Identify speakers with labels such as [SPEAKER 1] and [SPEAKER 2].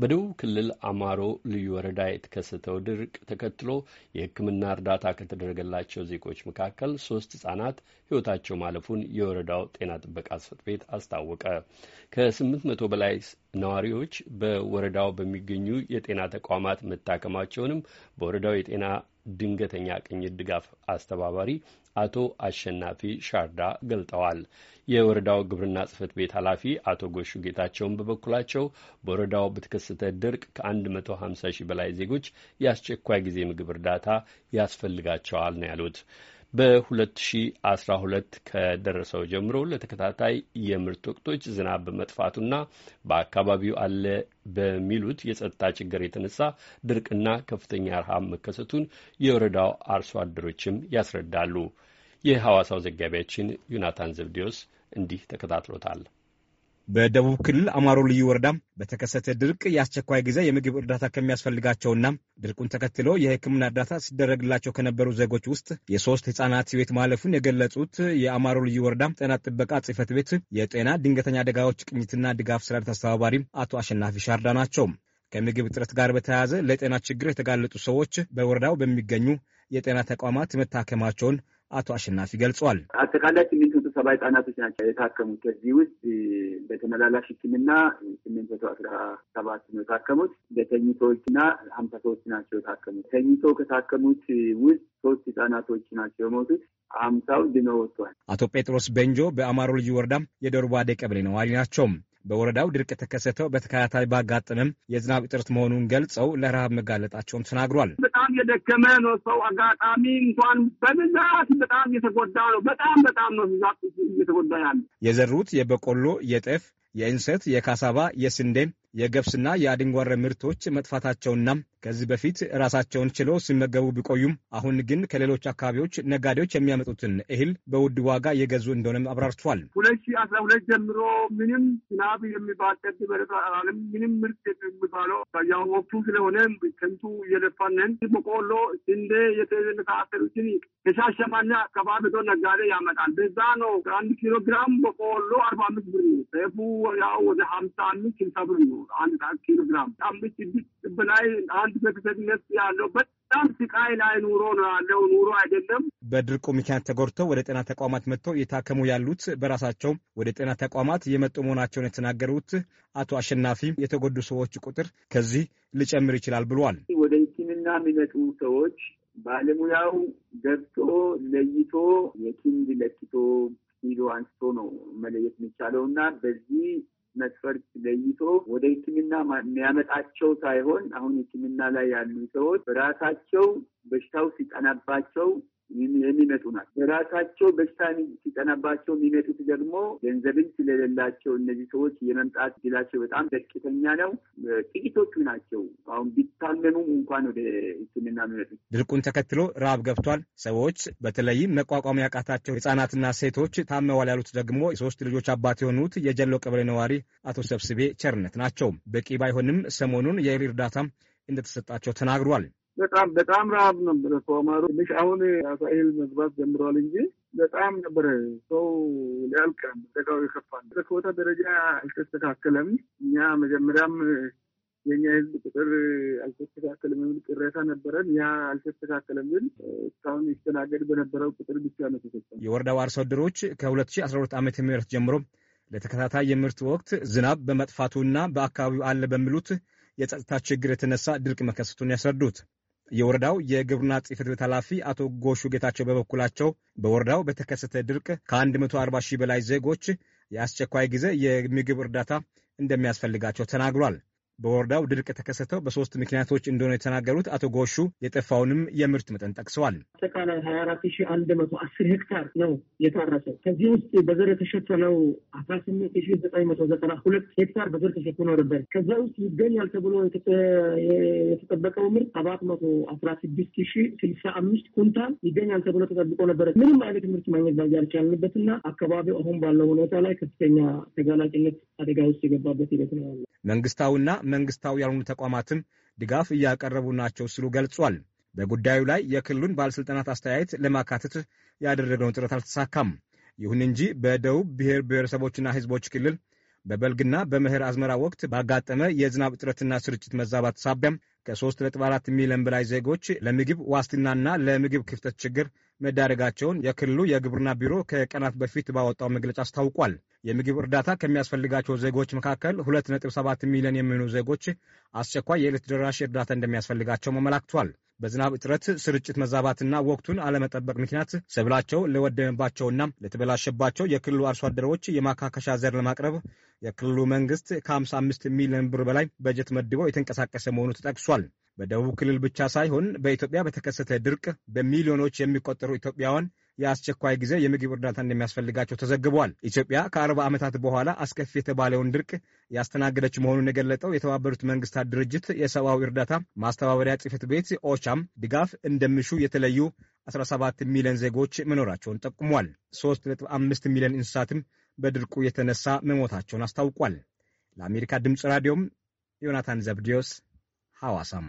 [SPEAKER 1] በደቡብ ክልል አማሮ ልዩ ወረዳ የተከሰተው ድርቅ ተከትሎ የሕክምና እርዳታ ከተደረገላቸው ዜጎች መካከል ሶስት ህጻናት ህይወታቸው ማለፉን የወረዳው ጤና ጥበቃ ጽሕፈት ቤት አስታወቀ። ከስምንት መቶ በላይ ነዋሪዎች በወረዳው በሚገኙ የጤና ተቋማት መታከማቸውንም በወረዳው የጤና ድንገተኛ ቅኝት ድጋፍ አስተባባሪ አቶ አሸናፊ ሻርዳ ገልጠዋል። የወረዳው ግብርና ጽህፈት ቤት ኃላፊ አቶ ጎሹ ጌታቸውን በበኩላቸው በወረዳው በተከሰተ ድርቅ ከ150 ሺህ በላይ ዜጎች የአስቸኳይ ጊዜ ምግብ እርዳታ ያስፈልጋቸዋል ነው ያሉት። በ2012 ከደረሰው ጀምሮ ለተከታታይ የምርት ወቅቶች ዝናብ በመጥፋቱና በአካባቢው አለ በሚሉት የጸጥታ ችግር የተነሳ ድርቅና ከፍተኛ ረሃብ መከሰቱን የወረዳው አርሶ አደሮችም ያስረዳሉ። የሐዋሳው ዘጋቢያችን ዮናታን ዘብዴዎስ እንዲህ ተከታትሎታል።
[SPEAKER 2] በደቡብ ክልል አማሮ ልዩ ወረዳ በተከሰተ ድርቅ የአስቸኳይ ጊዜ የምግብ እርዳታ ከሚያስፈልጋቸውና ድርቁን ተከትሎ የሕክምና እርዳታ ሲደረግላቸው ከነበሩ ዜጎች ውስጥ የሶስት ህጻናት ህይወት ማለፉን የገለጹት የአማሮ ልዩ ወረዳ ጤና ጥበቃ ጽህፈት ቤት የጤና ድንገተኛ አደጋዎች ቅኝትና ድጋፍ ስራ አስተባባሪ አቶ አሸናፊ ሻርዳ ናቸው። ከምግብ እጥረት ጋር በተያያዘ ለጤና ችግር የተጋለጡ ሰዎች በወረዳው በሚገኙ የጤና ተቋማት መታከማቸውን አቶ አሸናፊ ገልጿል።
[SPEAKER 3] አጠቃላይ ስምንት መቶ ሰባ ህጻናቶች ናቸው የታከሙት። ከዚህ ውስጥ አመላላሽ ሕክምና ስምንት መቶ አስራ ሰባት ነው የታከሙት። በተኝቶዎችና ሀምሳ ሰዎች ናቸው የታከሙት። ተኝቶ ከታከሙት ውስጥ ሶስት ህጻናቶች ናቸው የሞቱት። አምሳው ድኖ ወጥቷል።
[SPEAKER 2] አቶ ጴጥሮስ በንጆ በአማሮ ልዩ ወረዳም የደርባዴ ደቀብሌ ነዋሪ ናቸው። በወረዳው ድርቅ የተከሰተው በተከታታይ ባጋጠመም የዝናብ እጥረት መሆኑን ገልጸው ለረሃብ መጋለጣቸውን ተናግሯል።
[SPEAKER 3] በጣም የደከመ ነው ሰው አጋጣሚ እንኳን በብዛት በጣም የተጎዳ ነው። በጣም በጣም ነው ብዛት እየተጎዳ ያለ
[SPEAKER 2] የዘሩት የበቆሎ፣ የጤፍ፣ የእንሰት፣ የካሳባ፣ የስንዴ፣ የገብስና የአድንጓረ ምርቶች መጥፋታቸውና ከዚህ በፊት ራሳቸውን ችለው ሲመገቡ ቢቆዩም አሁን ግን ከሌሎች አካባቢዎች ነጋዴዎች የሚያመጡትን እህል በውድ ዋጋ እየገዙ እንደሆነም አብራርቷል።
[SPEAKER 3] ሁለት ሺህ አስራ ሁለት ጀምሮ ምንም ዝናብ የሚባል ጠድ በረጣለም ምንም ምርት የሚባለው ያው ወቅቱ ስለሆነ ከንቱ እየለፋነን በቆሎ፣ ስንዴ የተመሳሰሉትን የሻሸማና አካባቢ ነጋዴ ያመጣል። በዛ ነው አንድ ኪሎ ግራም በቆሎ አርባ አምስት ብር ነው። ጤፉ ያው ወደ ሀምሳ አምስት ስልሳ ብር ነው አንድ ኪሎ ግራም አምስት ስድስት በላይ አንድ የልብ ያለው በጣም ስቃይ ላይ ኑሮ ነው ያለው። ኑሮ አይደለም።
[SPEAKER 2] በድርቁ ምክንያት ተጎድተው ወደ ጤና ተቋማት መጥተው የታከሙ ያሉት በራሳቸው ወደ ጤና ተቋማት የመጡ መሆናቸውን የተናገሩት አቶ አሸናፊ የተጎዱ ሰዎች ቁጥር ከዚህ ሊጨምር ይችላል ብሏል።
[SPEAKER 3] ወደ ሕክምና የሚመጡ ሰዎች ባለሙያው ገብቶ ለይቶ የኪንድ ለክቶ ሂዶ አንስቶ ነው መለየት የሚቻለው እና በዚህ መስፈርት ለይቶ ወደ ሕክምና የሚያመጣቸው ሳይሆን አሁን ሕክምና ላይ ያሉ ሰዎች ራሳቸው በሽታው ሲጠናባቸው የሚመጡ ናቸው። በራሳቸው በሽታ ሲጠናባቸው የሚመጡት ደግሞ ገንዘብን ስለሌላቸው እነዚህ ሰዎች የመምጣት እድላቸው በጣም ደቂተኛ ነው። ጥቂቶቹ ናቸው። አሁን ቢታመሙም እንኳን ወደ ሕክምና የሚመጡት።
[SPEAKER 2] ድርቁን ተከትሎ ረሃብ ገብቷል። ሰዎች በተለይም መቋቋም ያቃታቸው ህጻናትና ሴቶች ታመዋል ያሉት ደግሞ የሶስት ልጆች አባት የሆኑት የጀሎ ቀበሌ ነዋሪ አቶ ሰብስቤ ቸርነት ናቸው። በቂ ባይሆንም ሰሞኑን የእህል እርዳታ እንደተሰጣቸው ተናግሯል።
[SPEAKER 3] በጣም በጣም ረሀብ ነበረ። ሶማሩ ትንሽ አሁን አሳይል መግባት ጀምረዋል እንጂ በጣም ነበረ። ሰው ሊያልቀም ደጋው ይከፋል። በኮታ ደረጃ አልተስተካከለም። እኛ መጀመሪያም የኛ ህዝብ ቁጥር አልተስተካከለም የሚል ቅሬታ ነበረን። ያ አልተስተካከለም፣ ግን እስካሁን ይስተናገድ በነበረው ቁጥር ብቻ ነው ተሰጠ።
[SPEAKER 2] የወረዳው አርሶ አደሮች ከ2012 ዓመተ ምህረት ጀምሮ ለተከታታይ የምርት ወቅት ዝናብ በመጥፋቱና በአካባቢው አለ በሚሉት የጸጥታ ችግር የተነሳ ድርቅ መከሰቱን ያስረዱት የወረዳው የግብርና ጽሕፈት ቤት ኃላፊ አቶ ጎሹ ጌታቸው በበኩላቸው በወረዳው በተከሰተ ድርቅ ከ140 ሺህ በላይ ዜጎች የአስቸኳይ ጊዜ የምግብ እርዳታ እንደሚያስፈልጋቸው ተናግሯል። በወረዳው ድርቅ የተከሰተው በሶስት ምክንያቶች እንደሆነ የተናገሩት አቶ ጎሹ የጠፋውንም የምርት መጠን ጠቅሰዋል።
[SPEAKER 3] አጠቃላይ ሀያ አራት ሺ አንድ መቶ አስር ሄክታር ነው የታረሰው። ከዚህ ውስጥ በዘር የተሸፈነው አስራ ስምንት ሺ ዘጠኝ መቶ ዘጠና ሁለት ሄክታር በዘር ተሸፍኖ ነበር። ከዛ ውስጥ ይገኛል ተብሎ የተጠበቀው ምርት ሰባት መቶ አስራ ስድስት ሺ ስልሳ አምስት ኩንታል ይገኛል ተብሎ ተጠብቆ ነበረ። ምንም አይነት ምርት ማግኘት ባልቻልንበትና አካባቢው አሁን ባለው ሁኔታ ላይ ከፍተኛ ተጋላጭነት አደጋ ውስጥ የገባበት ሂደት ነው ያለ።
[SPEAKER 2] መንግስታዊና መንግስታዊ ያልሆኑ ተቋማትም ድጋፍ እያቀረቡ ናቸው ሲሉ ገልጿል። በጉዳዩ ላይ የክልሉን ባለሥልጣናት አስተያየት ለማካተት ያደረገውን ጥረት አልተሳካም። ይሁን እንጂ በደቡብ ብሔር ብሔረሰቦችና ሕዝቦች ክልል በበልግና በመኸር አዝመራ ወቅት ባጋጠመ የዝናብ እጥረትና ስርጭት መዛባት ሳቢያም ከ3.4 ሚሊዮን በላይ ዜጎች ለምግብ ዋስትናና ለምግብ ክፍተት ችግር መዳረጋቸውን የክልሉ የግብርና ቢሮ ከቀናት በፊት ባወጣው መግለጫ አስታውቋል። የምግብ እርዳታ ከሚያስፈልጋቸው ዜጎች መካከል 2.7 ሚሊዮን የሚሆኑ ዜጎች አስቸኳይ የዕለት ደራሽ እርዳታ እንደሚያስፈልጋቸው መመላክቷል። በዝናብ እጥረት ስርጭት መዛባትና ወቅቱን አለመጠበቅ ምክንያት ሰብላቸው ለወደመባቸውና ለተበላሸባቸው የክልሉ አርሶ አደሮች የማካከሻ ዘር ለማቅረብ የክልሉ መንግስት ከ55 ሚሊዮን ብር በላይ በጀት መድበው የተንቀሳቀሰ መሆኑ ተጠቅሷል። በደቡብ ክልል ብቻ ሳይሆን በኢትዮጵያ በተከሰተ ድርቅ በሚሊዮኖች የሚቆጠሩ ኢትዮጵያውያን የአስቸኳይ ጊዜ የምግብ እርዳታ እንደሚያስፈልጋቸው ተዘግቧል። ኢትዮጵያ ከአርባ ዓመታት በኋላ አስከፊ የተባለውን ድርቅ ያስተናገደች መሆኑን የገለጠው የተባበሩት መንግስታት ድርጅት የሰብአዊ እርዳታ ማስተባበሪያ ጽህፈት ቤት ኦቻም ድጋፍ እንደሚሹ የተለዩ 17 ሚሊዮን ዜጎች መኖራቸውን ጠቁሟል። 3.5 ሚሊዮን እንስሳትም በድርቁ የተነሳ መሞታቸውን አስታውቋል። ለአሜሪካ ድምፅ ራዲዮም ዮናታን ዘብዲዮስ ሐዋሳም